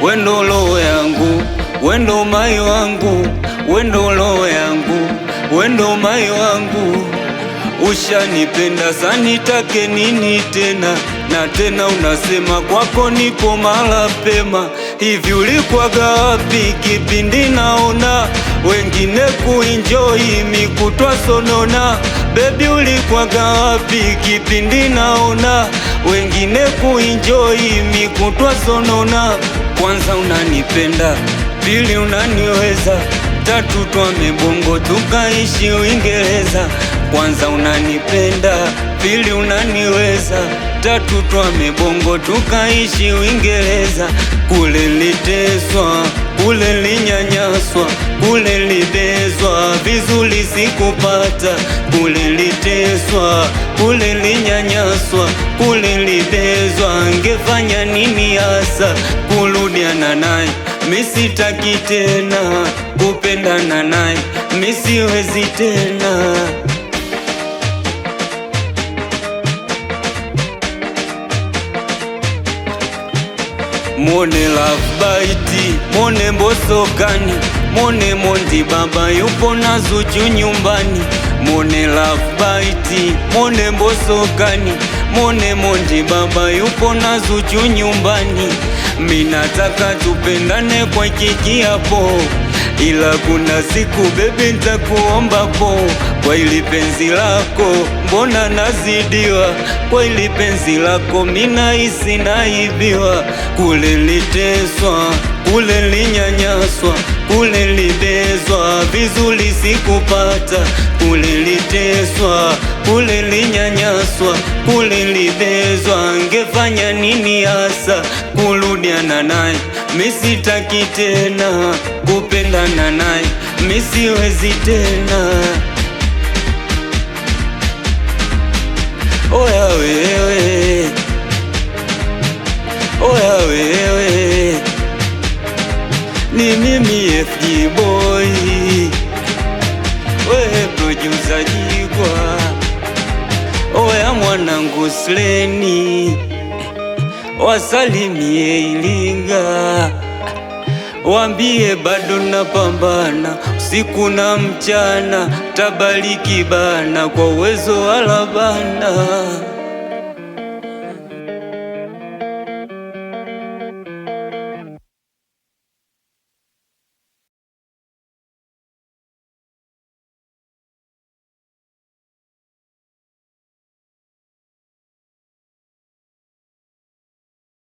Wendo roho yangu, wendo mai wangu, wendo roho yangu, wendo mai wangu, ushanipenda sanitake nini tena na tena, unasema kwako niko mala pema. Hivi ulikwaga gapi kipindi naona wengine kuinjoi mikutwa sonona? Bebi ulikwaga gapi kipindi naona wengine kuinjoi mikutwa sonona. Kwanza unanipenda, pili unaniweza, tatu twamebongo tukaishi Uingereza. Kwanza unanipenda, pili unaniweza, tatu twamebongo tukaishi Uingereza. Kule liteswa, kule linyanyaswa sikupata, kule liteswa, kule linyanyaswa, kule libezwa. Ngefanya nini hasa kurudiana naye? Misitaki tena kupendana naye, misiwezi tena Mwone love bite, mwone mkoso gani? Mone Mondi baba yupo na Zuchu nyumbani, mone love bite, mone mboso gani? Mone Mondi baba yupo na Zuchu nyumbani, minataka tupendane kwa hapo ila kuna siku bebi nitakuombapo, kwa ili penzi lako mbona nazidiwa, kwa ili penzi lako isi naibiwa, kule liteswa, kule linyanyaswa, kule libezwa, vizuri sikupata, kule liteswa, kule linyanyaswa, kule libezwa, ngefanya nini hasa kurudiana naye misitaki tena kupendana naye, misiwezi tena. Oya wewe, oya wewe, ni mimi FG Boy, wewe producer Jigwa, oya mwanangu Sleni, wasalimie Ilinga. Waambie bado napambana usiku na mchana, tabariki bana kwa uwezo wa Labana.